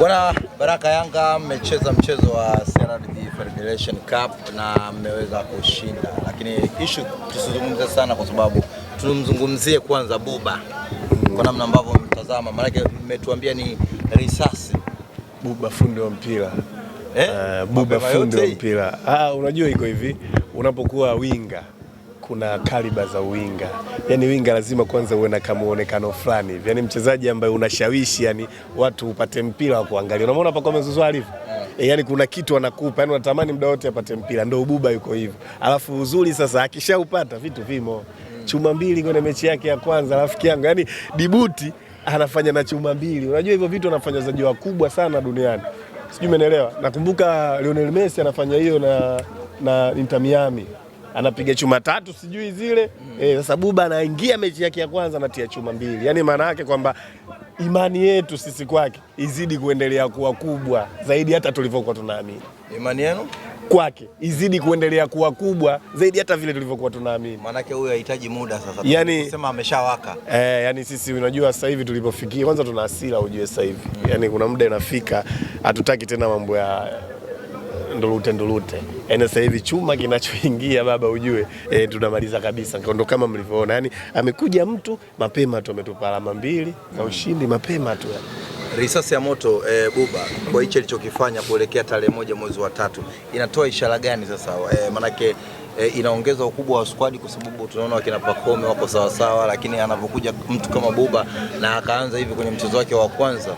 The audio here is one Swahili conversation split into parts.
Bwana Baraka Yanga, mmecheza mchezo wa CRDB Federation Cup na mmeweza kushinda, lakini issue tusizungumze sana, kwa sababu tumzungumzie kwanza Buba kwa namna ambavyo mtazama, maanake mmetuambia ni risasi Buba fundi wa mpira eh? Uh, Buba fundi wa mpira. Ah, unajua iko hivi unapokuwa winga kuna kaliba za winga. Yaani winga lazima kwanza uwe na kamuonekano fulani Yaani mchezaji ambaye unashawishi, yani watu upate mpira wa kuangalia. Unamwona hapa kwa mezuzwa alivyo E, eh. yaani kuna kitu anakupa, yani unatamani muda wote apate mpira, ndio ububa yuko hivyo. Alafu uzuri sasa akishaupata vitu vimo, Mm. chuma mbili kwenye mechi yake ya kwanza, rafiki yangu, Yaani dibuti anafanya na chuma mbili. Unajua hivyo vitu anafanya wachezaji wakubwa sana duniani, sijui umeelewa. Nakumbuka Lionel Messi anafanya hiyo na, na Inter Miami anapiga chuma tatu sijui zile mm. E, sasa Buba anaingia mechi yake ya kwanza anatia chuma mbili, yaani maana yake kwamba imani yetu sisi kwake izidi kuendelea kuwa kubwa zaidi hata tulivyokuwa tunaamini. Imani yenu kwake izidi kuendelea kuwa kubwa zaidi hata vile tulivyokuwa tunaamini. yake huyo hahitaji muda sasa. yani sema ameshawaka. Eh, yani sisi unajua sasa hivi tulipofikia kwanza tuna hasira ujue sasa hivi. Mm. Yani kuna muda inafika hatutaki tena mambo ya ndolute ndolute, yaani sasa hivi chuma kinachoingia baba ujue e, tunamaliza kabisa, ndo kama mlivyoona. Yani amekuja mtu mapema tu ametupa alama mbili za ushindi mapema tu risasi ya moto e, Buba, kwa hicho alichokifanya kuelekea tarehe moja mwezi wa tatu inatoa ishara gani sasa? E, manake e, inaongeza ukubwa wa squad kwa sababu tunaona wakina Pakome wako sawasawa, lakini anapokuja mtu kama Buba na akaanza hivi kwenye mchezo wake wa kwanza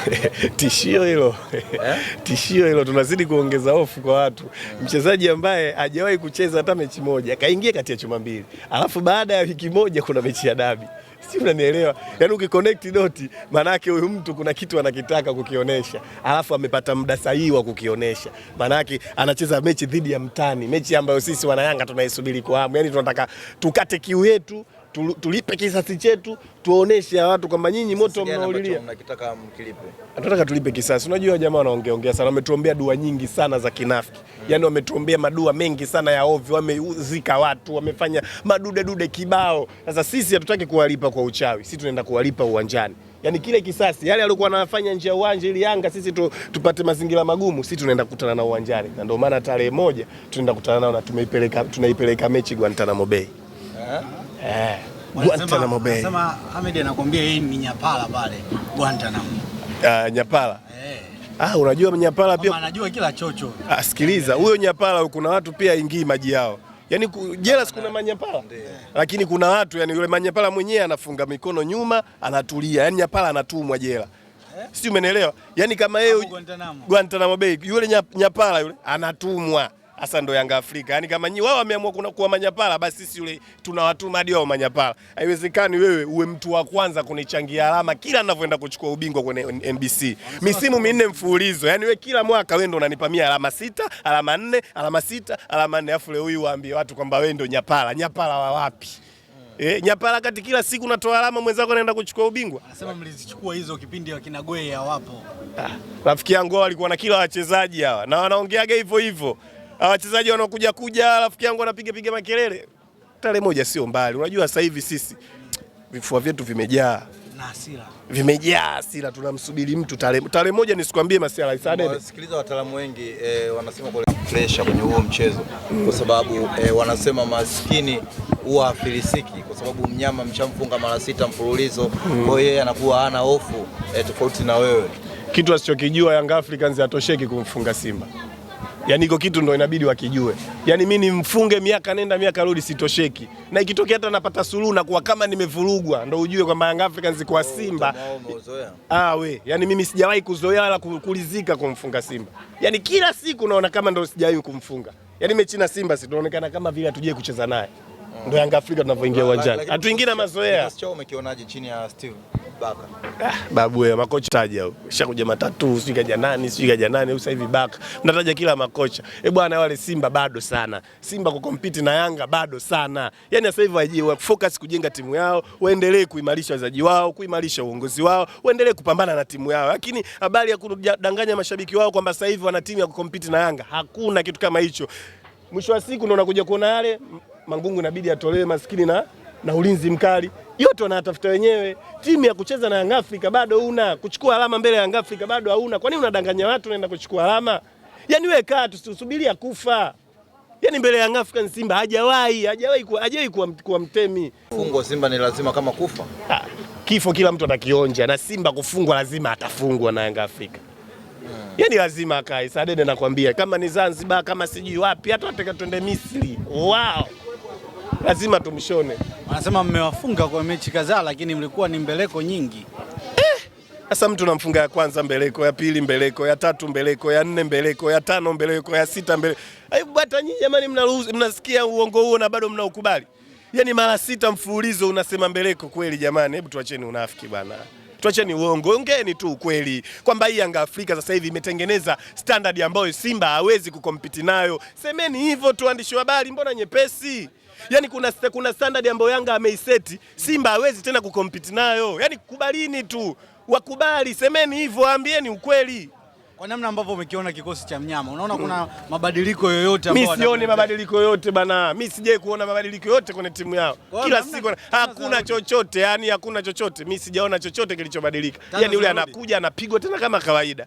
tishio hilo eh? tishio hilo, tunazidi kuongeza hofu kwa watu. Mchezaji ambaye hajawahi kucheza hata mechi moja kaingia kati ya chuma mbili, alafu baada ya wiki moja kuna mechi ya dabi, si unanielewa? Yani ukiconnect doti, maanake huyu mtu kuna kitu anakitaka kukionyesha, alafu amepata muda sahihi wa kukionyesha. Maanake anacheza mechi dhidi ya mtani, mechi ambayo sisi wanayanga tunaisubiri kwa hamu, yani tunataka tukate kiu yetu tulipe kisasi chetu, tuoneshe watu kwamba nyinyi moto mnaulilia, mnakitaka mkilipe. Tunataka tulipe kisasi. Unajua jamaa ongea sana, wametuombea dua nyingi sana za kinafiki mm. Yani wametuombea madua mengi sana ya ovyo, wamezika watu, wamefanya madude dude kibao. Sasa sisi hatutaki kuwalipa kwa uchawi, sisi tunaenda kuwalipa uwanjani Yani kile kisasi yale alikuwa anafanya nje ya uwanja ili Yanga sisi tu, tupate mazingira magumu, sisi tunaenda kukutana na uwanjani, na ndio maana tarehe moja tunaenda kukutana nao na tumeipeleka tunaipeleka mechi Guantanamo Bay eh, Guantanamo Bay. Anasema Ahmed anakuambia yeye ni nyapala pale Guantanamo. Uh, ah, nyapala eh. Ah, unajua nyapala pia anajua kila chocho. Ah, sikiliza huyo nyapala, kuna watu pia ingii maji yao Yaani jela kuna eh. manyapala lakini kuna watu yani, yule manyapala mwenyewe anafunga mikono nyuma anatulia, Yaani nyapala anatumwa jela eh? si umeelewa? Yaani kama yeye Guantanamo Bay yule nyapala yule anatumwa hasa ndo Yanga Afrika. Yaani kama nyinyi wao wameamua kuna kuwa manyapala, basi sisi yule tunawatuma hadi wao manyapala. Haiwezekani wewe uwe mtu wa kwanza kunichangia alama kila ninavyoenda kuchukua ubingwa kwenye NBC misimu minne mfululizo. Yaani wewe kila mwaka wewe ndo unanipamia alama sita, alama nne, alama sita, alama nne, afu leo huyu waambie watu kwamba wewe ndo nyapala. Nyapala wa wapi? E, nyapala kati kila siku natoa alama mwenzako anaenda kuchukua ubingwa. Anasema mlizichukua hizo kipindi wakina Goe hawapo. Ah, rafiki yangu walikuwa na kila wachezaji hawa na wanaongeaga hivyo hivyo. Ah, wachezaji wanakuja kuja, rafiki yangu anapiga piga makelele, tarehe moja sio mbali. Unajua sasa hivi sisi vifua vyetu vimejaa na hasira, vimejaa hasira, tunamsubiri mtu tarehe tarehe moja. Nisikwambie masiala isadede, wasikiliza wataalamu wengi eh, wanasema kwa pressure kwenye huo mchezo kwa sababu eh, wanasema maskini huwa afilisiki kwa sababu mnyama mshamfunga mara sita mfululizo, hmm. kwa hiyo yeye anakuwa hana hofu eh, tofauti na wewe. Kitu asichokijua Young Africans atosheki kumfunga Simba. Yaani iko kitu ndo inabidi wakijue. Yaani mimi nimfunge miaka nenda miaka rudi sitosheki. Na ikitokea hata napata suluhu na kuwa kama nimevurugwa ndo ujue kwamba Young Africans kwa oh, Simba. Ah we, yaani mimi sijawahi kuzoea wala kulizika kumfunga Simba. Yaani kila siku naona kama ndo sijawahi kumfunga. Yaani mechi na Simba si tunaonekana kama vile hatujui kucheza naye. Ndo Young Africa tunavyoingia uwanjani. Hatuingia na mazoea. umekionaje chini ya Steve? Baka. Ah, babu wewe makocha taja huko. Shakuja matatu, sijui kaja nani, sijui kaja nani, sasa hivi Baka. Mnataja kila makocha. Eh, bwana wale Simba bado sana. Simba kukompiti na Yanga bado sana. Yaani sasa hivi waje focus kujenga timu yao, waendelee kuimarisha wachezaji wao, kuimarisha uongozi wao, waendelee kupambana na timu yao. Lakini habari ya kudanganya mashabiki wao kwamba sasa hivi wana timu ya kukompiti na Yanga, hakuna kitu kama hicho. Mwisho wa siku ndio unakuja kuona yale Mangungu inabidi atolewe maskini na na ulinzi mkali yote wanatafuta wenyewe. Timu ya kucheza na Yanga Afrika bado una kuchukua alama mbele ya Yanga Afrika bado hauna. Kwa nini unadanganya watu unaenda kuchukua alama? Yaani wewe kaa tusubiri ya kufa. Yaani mbele ya Yanga Afrika Simba hajawahi, hajawahi kuwa, hajawahi kuwa, kuwa mtemi. Fungo Simba ni lazima kama kufa. Ha, ah, kifo kila mtu atakionja na Simba kufungwa lazima atafungwa na Yanga Afrika. Hmm. Yaani lazima akae. Sadede nakwambia kama ni Zanzibar kama sijui wapi hata atakatwende Misri. Wow lazima tumshone. Wanasema mmewafunga kwa mechi kadhaa, lakini mlikuwa ni mbeleko nyingi. Eh, sasa mtu namfunga ya kwanza mbeleko, ya pili mbeleko, ya tatu mbeleko, ya nne mbeleko, ya tano mbeleko, ya sita mbeleko. hata nyinyi jamani, mnasikia uongo huo na bado mnaukubali? Yaani mara sita mfululizo unasema mbeleko kweli jamani, hebu tuacheni unafiki bwana. Tuacheni uongo, ongeeni tu ukweli kwamba hii Yanga Afrika sasa hivi imetengeneza standard ambayo Simba hawezi kukompiti nayo. Semeni hivyo tu, waandishi wa habari, mbona nyepesi? yani kuna, kuna standard ambayo Yanga ameiseti, Simba hawezi tena kukompiti nayo. Yani kubalini tu, wakubali, semeni hivyo, ambieni ukweli. Kwa namna ambavyo umekiona kikosi cha mnyama, unaona kuna mabadiliko yoyote ambayo? Mimi sioni mabadiliko yoyote bana, mimi sijai kuona mabadiliko yote kwenye timu yao. kwa Kila siku yaani hakuna chochote, yani hakuna chochote, mimi sijaona chochote kilichobadilika. Yani yule anakuja anapigwa tena kama kawaida.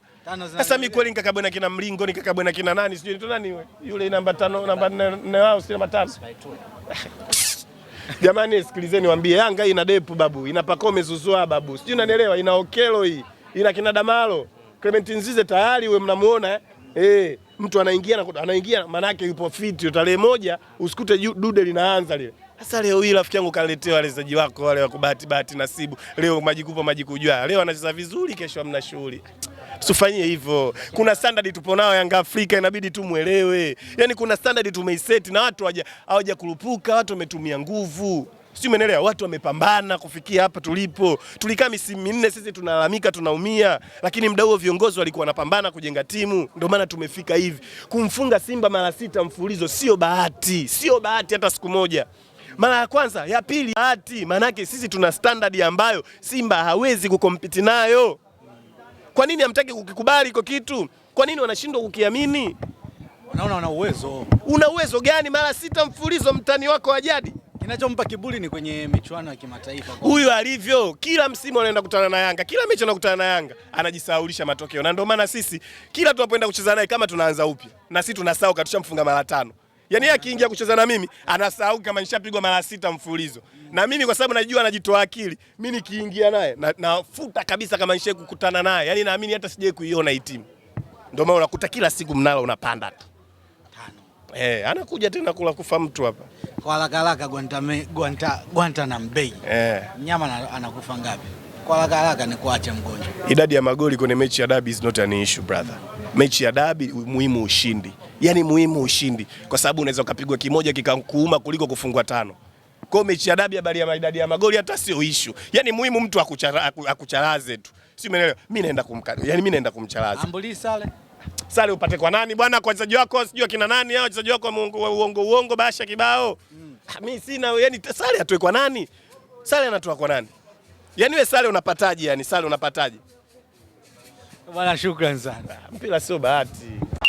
Sasa mimi kweli nikakabwana kina mlingo nikakabwana kina nani sijui tu nani yule namba 5 namba 4 wao si namba 5. Jamani, sikilizeni waambie, Yanga ina depu babu, ina Pacome Zouzoua babu, sijui unanielewa, ina Okelo hii ina kina Damalo Clement Nzize tayari wewe mnamuona eh? eh, mtu anaingia anaingia, maana yake yupo fiti. Tarehe moja usikute dude linaanza lile. Sasa leo hii rafiki yangu kaletea wachezaji wako wale wa kubahati bahati nasibu, leo majikupa majikujua, leo anacheza vizuri, kesho hamna shughuli. Tusifanyie hivyo. Kuna standard tupo nao Yanga Afrika, inabidi tu muelewe. Yaani kuna standard tumeiseti na watu hawaja kurupuka, watu wametumia nguvu. Sio, umeelewa? Watu wamepambana kufikia hapa tulipo. Tulikaa misimu minne sisi tunalalamika, tunaumia, lakini mda huo viongozi walikuwa wanapambana kujenga timu, ndio maana tumefika hivi. Kumfunga Simba mara sita mfulizo sio bahati, sio bahati hata siku moja. Mara ya kwanza, ya pili bahati, maanake sisi tuna standard ambayo Simba hawezi kukompiti nayo. Kwa nini hamtaki kukikubali iko kitu? Kwa nini wanashindwa kukiamini? Wanaona wana uwezo. Una uwezo gani? Mara sita mfulizo mtani wako wa jadi Kinachompa kiburi ni kwenye michuano ya kimataifa. Huyu alivyo, kila msimu anaenda kutana na Yanga, kila mechi anakutana na Yanga, anajisahaulisha matokeo, na ndio maana sisi kila tunapoenda kucheza naye kama tunaanza upya, na sisi tunasahau katushamfunga mara tano. Yaani yeye akiingia kucheza na mimi anasahau kama nishapigwa mara sita mfulizo. Na mimi kwa sababu najua anajitoa akili, mimi nikiingia naye nafuta na kabisa kama nishaye kukutana naye. Yaani naamini hata sijaye kuiona hii timu. Ndio maana unakuta kila siku mnalo unapanda tu. Tano. Eh, anakuja tena kula kufa mtu hapa. Kwa haraka haraka Gwanta, gwanta, gwanta na mbei Eh. Mnyama anakufa ngapi? Kwa haraka haraka ni kuacha mgonjwa. Idadi ya magoli kwenye mechi ya dabi is not an issue brother. Mechi ya dabi muhimu ushindi. Yaani muhimu ushindi kwa sababu unaweza ukapigwa kimoja kikakuuma kuliko kufungwa tano. Kwa mechi ya dabi habari ya idadi ya magoli hata sio issue. Yaani muhimu mtu akuchara, akucharaze tu. Si umeelewa? Mimi naenda kumkata. Yaani mimi naenda kumcharaza. Ambuli sale sare upate kwa nani bwana, kwa wachezaji wako sijui akina nani hao wachezaji wako wa uongo uongo, basha kibao mm. mimi sina yani, sare atoe kwa nani? Sare anatoa kwa nani? Yani wewe sali unapataje? Yani sali unapataje bwana? Shukrani sana. Ah, mpira sio bahati.